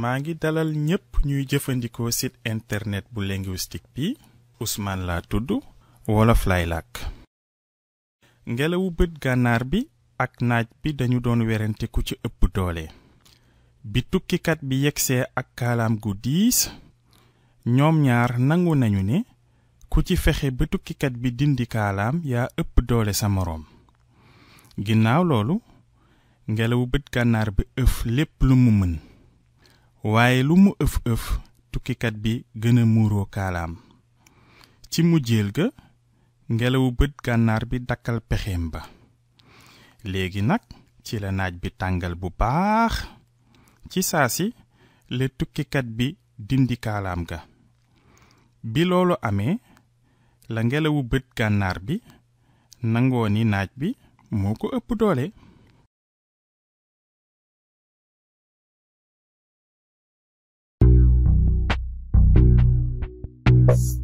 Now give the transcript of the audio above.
maa ngi dalal ñépp ñuy jëfandikoo site internet bu linguistique bi Ousmane laa tudd wolof lay làkk ngelawu bët gànnaar bi ak naaj bi dañu doon werante ku ci ëpp doole bi tukkikat bi yegsee ak kaalaam gu diis ñoom ñaar nangu nañu ni ku ci fexe ba tukkikat bi dindi kaalaam yaa ëpp doole sa moroom ginnaaw loolu ngelawu bët gànnaar bi ëf lépp lu mu mën waaye lu mu ëf ëf tukkikat bi gëna a muuroo kaalaam ci mu mujjeel ga ngelawu bët gànnaar bi dakkal pexem ba léegi nag ci la naaj bi tàngal bu baax ci saa si la tukkikat bi dindi kaalaam ga bi loolu amee la ngelawu bët gànnaar bi nangoo ni naaj bi moo ko ëpp doole